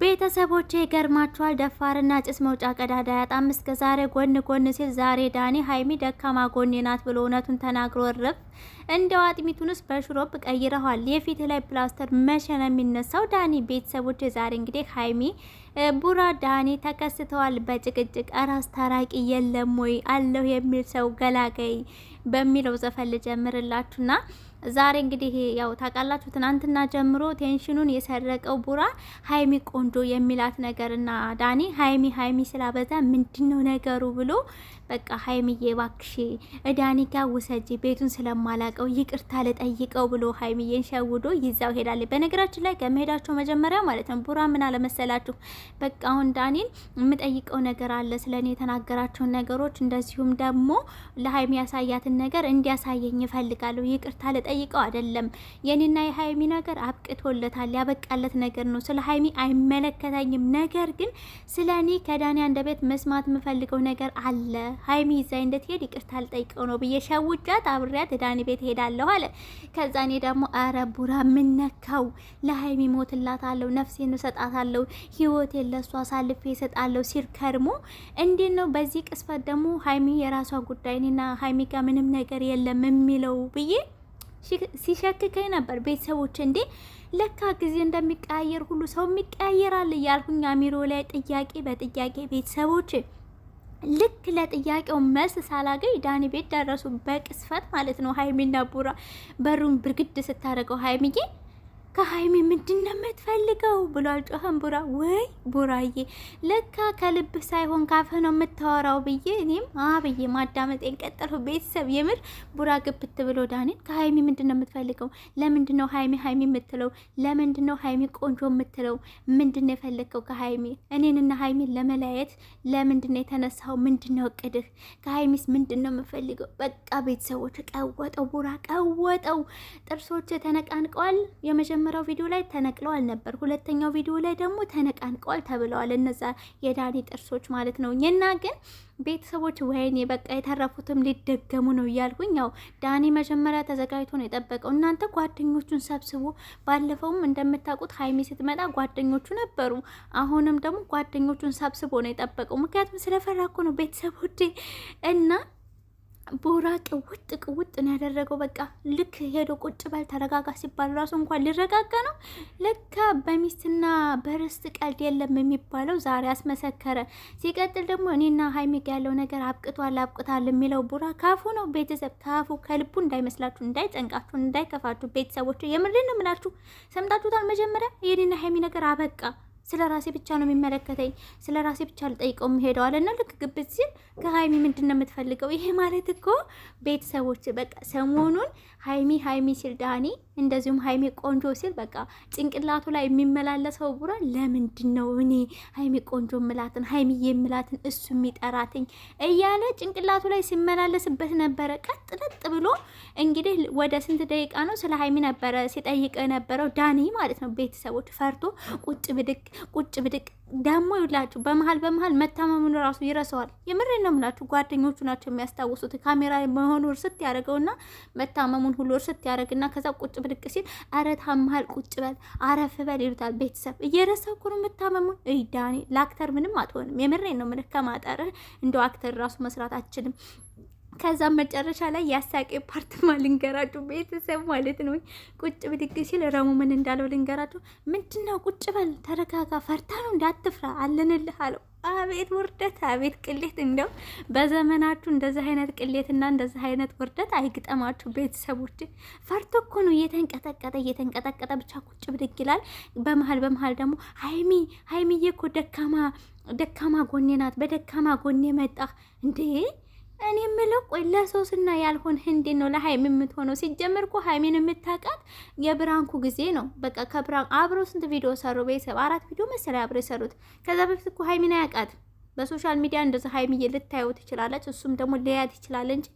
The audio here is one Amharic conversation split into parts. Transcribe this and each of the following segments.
ቤተሰቦቼ ይገርማችኋል፣ ደፋርና ጭስ መውጫ ቀዳዳ ያጣም። እስከ ዛሬ ጎን ጎን ሲል ዛሬ ዳኒ ሀይሚ ደካማ ጎን ናት ብሎ እውነቱን ተናግሮ እርፍ። እንደው አጥሚቱንስ በሽሮብ ቀይረዋል። የፊት ላይ ፕላስተር መቼ ነው የሚነሳው? ዳኒ ቤተሰቦች ዛሬ እንግዲህ ሀይሚ ቡራ ዳኒ ተከስተዋል በጭቅጭቅ። ራስ ታራቂ የለም ወይ አለሁ የሚል ሰው ገላገይ በሚለው ዘፈን ልጀምርላችሁና ዛሬ እንግዲህ ያው ታውቃላችሁ፣ ትናንትና ጀምሮ ቴንሽኑን የሰረቀው ቡራ ሀይሚ ቆንጆ የሚላት ነገርና ዳኒ ሀይሚ ሀይሚ ስላበዛ ምንድን ነው ነገሩ ብሎ በቃ ሀይሚዬ ባክሽ እዳኒ ጋር ውሰጂ ቤቱን ስለማላቀው ይቅርታ ልጠይቀው ብሎ ሀይሚዬን ሸውዶ ይዛው ሄዳለ። በነገራችን ላይ ከመሄዳቸው መጀመሪያ ማለት ነው ቡራ ምን አለመሰላችሁ፣ በቃ አሁን ዳኒን የምጠይቀው ነገር አለ ስለእኔ የተናገራቸውን ነገሮች እንደዚሁም ደግሞ ለሀይሚ ያሳያትን ነገር እንዲያሳየኝ ይፈልጋለሁ ይቅርታ የሚጠይቀው አይደለም። የኔና የሀይሚ ነገር አብቅቶለታል፣ ያበቃለት ነገር ነው። ስለ ሀይሚ አይመለከተኝም። ነገር ግን ስለ እኔ ከዳኒ አንደበት መስማት የምፈልገው ነገር አለ። ሀይሚ ይዛኝ እንደትሄድ ይቅርታ አልጠይቀው ነው ብዬ ሸውጃት አብሬያት ዳኒ ቤት ሄዳለሁ አለ። ከዛ እኔ ደግሞ አረ ቡራ ምነካው ለሀይሚ ሞትላታለሁ፣ ነፍሴን እሰጣታለሁ፣ ህይወት የለሷ አሳልፌ እሰጣለሁ ሲል ከርሞ እንዴት ነው በዚህ ቅስፈት ደግሞ ሀይሚ የራሷ ጉዳይ እኔና ሀይሚ ጋር ምንም ነገር የለም የሚለው ብዬ ሲሸክከኝ ነበር። ቤተሰቦች እንዴ ለካ ጊዜ እንደሚቀያየር ሁሉ ሰው የሚቀያየራል እያልኩኝ አሚሮ ላይ ጥያቄ በጥያቄ ቤተሰቦች ልክ ለጥያቄው መልስ ሳላገኝ ዳኒ ቤት ደረሱ። በቅስፈት ማለት ነው። ሀይሚና ቡራ በሩን ብርግድ ስታደርገው ሀይሚዬ ከሀይሚ ምንድን ነው የምትፈልገው ብሎ አልጮኸም። ቡራ ወይ ቡራዬ፣ ለካ ከልብ ሳይሆን ካፍህ ነው የምታወራው ብዬ እኔም አብዬ ማዳመጤ ማዳመጤን ቀጠልሁ። ቤተሰብ የምር ቡራ ግብት ብሎ ዳኔል ከሀይሚ ምንድን ነው የምትፈልገው? ለምንድን ነው ሀይሚ ሀይሚ የምትለው? ለምንድን ነው ሀይሚ ቆንጆ የምትለው? ምንድን ነው የፈለግከው ከሀይሚ? እኔንና ሀይሚን ለመለያየት ለምንድን ነው የተነሳው? ምንድን ነው እቅድህ? ከሀይሚስ ምንድን ነው የምፈልገው? በቃ ቤተሰቦች ቀወጠው፣ ቡራ ቀወጠው። ጥርሶች ተነቃንቀዋል። የመጀመ የመጀመሪያው ቪዲዮ ላይ ተነቅለዋል ነበር። ሁለተኛው ቪዲዮ ላይ ደግሞ ተነቃንቀዋል ተብለዋል። እነዛ የዳኒ ጥርሶች ማለት ነው። እና ግን ቤተሰቦች ወይኔ በቃ የተረፉትም ሊደገሙ ነው እያልኩኝ፣ ያው ዳኒ መጀመሪያ ተዘጋጅቶ ነው የጠበቀው። እናንተ ጓደኞቹን ሰብስቦ ባለፈውም እንደምታውቁት ሀይሚ ስትመጣ ጓደኞቹ ነበሩ። አሁንም ደግሞ ጓደኞቹን ሰብስቦ ነው የጠበቀው። ምክንያቱም ስለፈራ ነው ቤተሰቦቼ እና ቦራ ቅውጥ ቅውጥ ነው ያደረገው። በቃ ልክ ሄዶ ቁጭ በል ተረጋጋ ሲባል ራሱ እንኳን ሊረጋጋ ነው። ለካ በሚስትና በርስት ቀልድ የለም የሚባለው ዛሬ አስመሰከረ። ሲቀጥል ደግሞ እኔና ሀይሚግ ያለው ነገር አብቅቷል አብቅታል የሚለው ቡራ ካፉ ነው። ቤተሰብ ካፉ ከልቡ እንዳይመስላችሁ፣ እንዳይጨንቃችሁ፣ እንዳይከፋችሁ ቤተሰቦች የምልን ምላችሁ ሰምታችሁታል። መጀመሪያ የኔና ሀይሚ ነገር አበቃ። ስለ ራሴ ብቻ ነው የሚመለከተኝ፣ ስለ ራሴ ብቻ ልጠይቀው ሄደዋል እና ልክ ግብት ሲል ከሀይሚ ምንድን ነው የምትፈልገው? ይሄ ማለት እኮ ቤተሰቦች በቃ ሰሞኑን ሀይሚ ሀይሚ ሲል ዳኒ፣ እንደዚሁም ሀይሚ ቆንጆ ሲል በቃ ጭንቅላቱ ላይ የሚመላለሰው ቡራ ለምንድን ነው እኔ ሀይሚ ቆንጆ ምላትን ሀይሚ የምላትን እሱ የሚጠራትኝ እያለ ጭንቅላቱ ላይ ሲመላለስበት ነበረ። ቀጥለጥ ብሎ እንግዲህ ወደ ስንት ደቂቃ ነው ስለ ሀይሚ ነበረ ሲጠይቅ ነበረው ዳኒ ማለት ነው። ቤተሰቦች ፈርቶ ቁጭ ብድግ ቁጭ ብድቅ ደግሞ ይውላችሁ በመሀል በመሀል መታመሙን ራሱ ይረሰዋል። የምሬ ነው ምላችሁ ጓደኞቹ ናቸው የሚያስታውሱት። ካሜራ መሆኑ እርስት ያደረገውና መታመሙን ሁሉ እርስት ያደረግና ከዛ ቁጭ ብድቅ ሲል አረ ታመሃል፣ ቁጭ በል፣ አረፍ በል ይሉታል ቤተሰብ። እየረሳው እኮ ነው መታመሙን። እይ ዳኒ ለአክተር ምንም አትሆንም። የምሬ ነው ምልክ ከማጠርህ እንደው አክተር ራሱ መስራት አችልም ከዛም መጨረሻ ላይ ያሳቄ ፓርትማ ልንገራችሁ ቤተሰብ ማለት ነው። ቁጭ ብድግ ሲል ረሙ ምን እንዳለው ልንገራችሁ። ምንድነው? ቁጭ በል ተረጋጋ፣ ፈርታ ነው እንዳትፍራ አለንልህ አለው። አቤት ውርደት፣ አቤት ቅሌት! እንደው በዘመናችሁ እንደዚህ አይነት ቅሌትና እንደዚህ አይነት ውርደት አይግጠማችሁ ቤተሰቦች። ፈርቶ እኮ ነው እየተንቀጠቀጠ እየተንቀጠቀጠ ብቻ ቁጭ ብድግ ይላል። በመሀል በመሀል ደግሞ ሀይሚ ሀይሚዬ እኮ ደካማ ደካማ ጎኔ ናት፣ በደካማ ጎኔ መጣ እንዴ እኔ የምለው ቆይ ለሶስና ያልሆን ህንድ ነው ለሀይም የምትሆነው? ሲጀምር እኮ ሀይሜን የምታውቃት የብራንኩ ጊዜ ነው። በቃ ከብራን አብረው ስንት ቪዲዮ ሰሩ? ቤተሰብ አራት ቪዲዮ መሰለኝ አብረው የሰሩት። ከዛ በፊት እኮ ሀይሜን አያውቃት በሶሻል ሚዲያ እንደዚ ሀይሚዬ ልታዩ ትችላለች፣ እሱም ደግሞ ሊያያት ይችላል እንጂ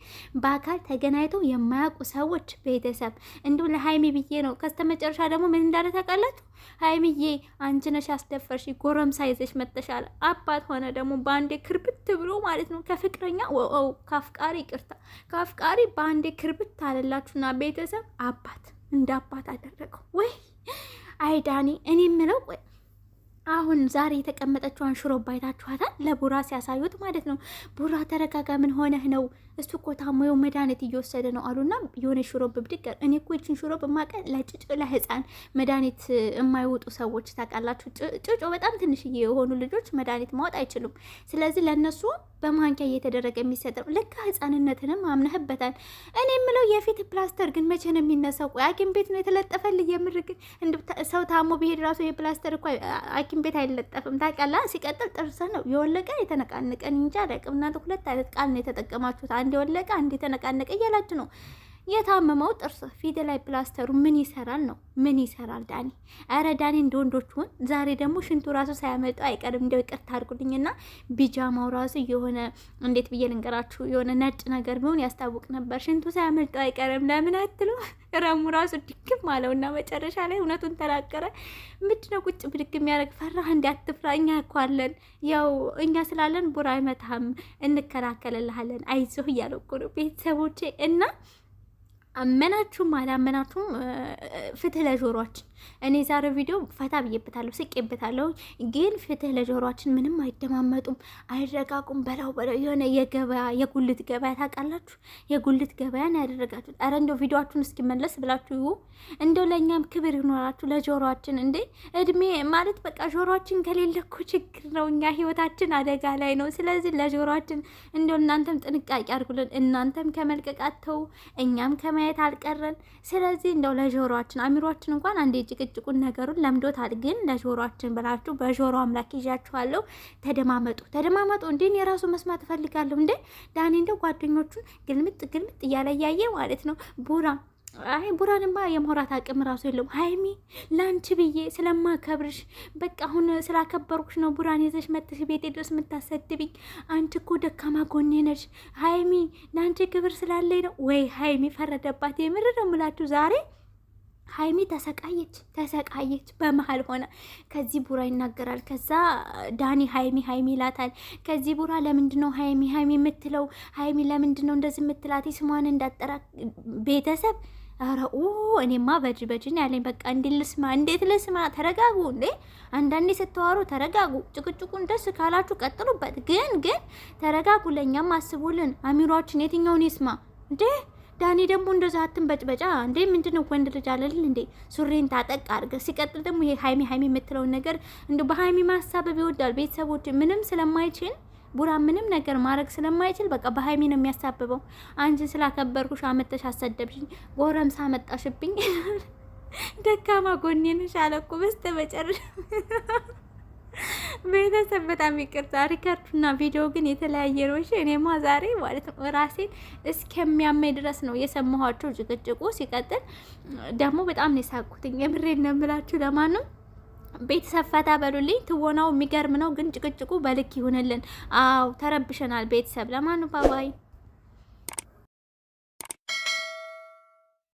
በአካል ተገናኝተው የማያውቁ ሰዎች ቤተሰብ እንዲሁም ለሀይሚ ብዬ ነው። መጨረሻ ደግሞ ምን እንዳለ ታውቃላችሁ? ሀይሚዬ አንቺ ነሽ ያስደፈርሽ፣ ጎረምሳ ይዘሽ መጥተሻል። አባት ሆነ ደግሞ በአንዴ ክርብት ብሎ ማለት ነው ከፍቅረኛ ወው ከአፍቃሪ ይቅርታ፣ ከአፍቃሪ በአንዴ ክርብት አለላችሁና ቤተሰብ አባት እንደ አባት አደረገው ወይ አይዳኒ እኔ የምለው አሁን ዛሬ የተቀመጠችዋን ሽሮ ባይታችኋታል? ለቡራ ሲያሳዩት ማለት ነው። ቡራ ተረጋጋ፣ ምን ሆነህ ነው? እሱ እኮ ታሞየው መድኃኒት እየወሰደ ነው አሉና የሆነ ሽሮ ብብድገር እኔ እኮ ይችን ሽሮብ የማውቀው ለጭጮ ለህፃን መድኃኒት የማይወጡ ሰዎች ታውቃላችሁ። ጭጮ በጣም ትንሽዬ የሆኑ ልጆች መድኃኒት ማወጥ አይችሉም። ስለዚህ ለእነሱ በማንኪያ እየተደረገ የሚሰጥ ነው። ልክ ህፃንነትንም አምነህበታል። እኔ የምለው የፊት ፕላስተር ግን መቼ ነው የሚነሳው? ቆይ ሐኪም ቤት ነው የተለጠፈልህ? የምር ግን ሰው ታሞ ብሄድ ራሱ የፕላስተር እኳ ሐኪም ቤት አይለጠፍም ታውቂያለህ። ሲቀጥል ጥርስህ ነው የወለቀ የተነቃነቀን እንጂ አላውቅም። እናንተ ሁለት አይነት ቃል ነው የተጠቀማችሁት፣ አንድ የወለቀ አንድ የተነቃነቀ እያላችሁ ነው የታመመው ጥርስ ፊት ላይ ፕላስተሩ ምን ይሰራል ነው? ምን ይሰራል ዳኒ? አረ ዳኒ እንደ ወንዶች ሁን። ዛሬ ደግሞ ሽንቱ ራሱ ሳያመጡ አይቀርም። እንደው ይቅርታ አድርጉልኝና ቢጃማው ራሱ የሆነ እንዴት ብዬ ልንገራችሁ፣ የሆነ ነጭ ነገር ቢሆን ያስታውቅ ነበር። ሽንቱ ሳያመጡ አይቀርም። ለምን አትሉ? ረሙ ራሱ ድግም አለውና መጨረሻ ላይ እውነቱን ተናገረ። ምንድነው ቁጭ ብድግ የሚያደርግ? ፈራህ? እንዲ አትፍራ፣ እኛ እኮ አለን። ያው እኛ ስላለን ቡራ አይመታህም፣ እንከላከልልሃለን፣ አይዞህ እያለ እኮ ነው ቤተሰቦቼ እና አመናችሁም አላመናችሁም ፍትህ ለጆሯችን እኔ ዛሬ ቪዲዮ ፈታ ብዬበታለሁ፣ ስቄበታለሁ። ግን ፍትህ ለጆሮችን ምንም አይደማመጡም፣ አይረጋቁም በላው በላው የሆነ የገበያ የጉልት ገበያ ታውቃላችሁ፣ የጉልት ገበያን ያደረጋችሁ ኧረ እንደው ቪዲዮችሁን እስኪመለስ ብላችሁ እንደው ለእኛም ክብር ይኖራችሁ ለጆሮችን። እንዴ እድሜ ማለት በቃ ጆሮችን ከሌለ እኮ ችግር ነው፣ እኛ ህይወታችን አደጋ ላይ ነው። ስለዚህ ለጆሮችን እንደው እናንተም ጥንቃቄ አድርጉልን። እናንተም ከመልቀቃተው እኛም ከማየት አልቀረን። ስለዚህ እንደው ለጆሮችን አሚሯችን እንኳን አንዴ ጭቅጭቁን ነገሩን ለምዶታል። ግን ለጆሮችን ብላችሁ በጆሮ አምላክ ይዣችኋለሁ። ተደማመጡ፣ ተደማመጡ። እንዴን የራሱ መስማት እፈልጋለሁ። እንዴ ዳኒ እንደው ጓደኞቹን ግልምጥ ግልምጥ እያለ እያየ ማለት ነው ቡራ አይ ቡራንማ የማውራት አቅም ራሱ የለውም። ሀይሚ ለአንቺ ብዬ ስለማከብርሽ በቃ አሁን ስላከበርኩሽ ነው ቡራን ይዘሽ መጥሽ ቤቴ ድረስ የምታሰድብኝ። አንቺ እኮ ደካማ ጎኔ ነሽ። ሀይሚ ለአንቺ ክብር ስላለኝ ነው ወይ ሀይሚ ፈረደባት። የምር ነው የምላችሁ ዛሬ ሀይሚ ተሰቃየች ተሰቃየች። በመሀል ሆና ከዚህ ቡራ ይናገራል። ከዛ ዳኒ ሀይሚ ሀይሚ ይላታል። ከዚህ ቡራ ለምንድነው ነው ሀይሚ ሀይሚ የምትለው? ሀይሚ ለምንድነው ነው እንደዚህ የምትላት? ስሟን እንዳጠራ ቤተሰብ ኧረ እኔማ በጅ በጅን ያለኝ በቃ እንዴት ልስማ እንዴት ልስማ። ተረጋጉ እንዴ! አንዳንዴ ስትዋሩ ተረጋጉ። ጭቅጭቁን ደስ ካላችሁ ቀጥሉበት፣ ግን ግን ተረጋጉ። ለእኛም አስቡልን። አሚሯችን የትኛውን ይስማ እንዴ? ዳኒ ደግሞ እንደዛ በጭበጫ እንዴ! ምንድነው ወንድ ልጅ አለልን እንዴ? ሱሬን ታጠቅ አድርገ። ሲቀጥል ደግሞ ይሄ ሀይሚ ሀይሚ የምትለውን ነገር እንደ በሀይሚ ማሳበብ ይወዳል። ቤተሰቦች ምንም ስለማይችል ቡራ ምንም ነገር ማድረግ ስለማይችል በቃ በሀይሚ ነው የሚያሳብበው። አንቺ ስላከበርኩሽ አመጠሽ አሰደብሽኝ፣ ጎረምሳ አመጣሽብኝ፣ ደካማ ጎኔንሽ አለኩ በስተ መጨረሻ ቤተሰብ በጣም ይቅርታ። ሪከርዱና ቪዲዮ ግን የተለያየ ነው። እሺ እኔማ ዛሬ ማለት ነው ራሴን እስከሚያመኝ ድረስ ነው የሰማኋቸው ጭቅጭቁ። ሲቀጥል ደግሞ በጣም ነው የሳቅኩትኝ። የምሬን ነው የምላችሁ። ለማንም ቤተሰብ ፈታ በሉልኝ። ትወናው የሚገርም ነው፣ ግን ጭቅጭቁ በልክ ይሁንልን። አዎ ተረብሸናል ቤተሰብ። ለማንም ባባይ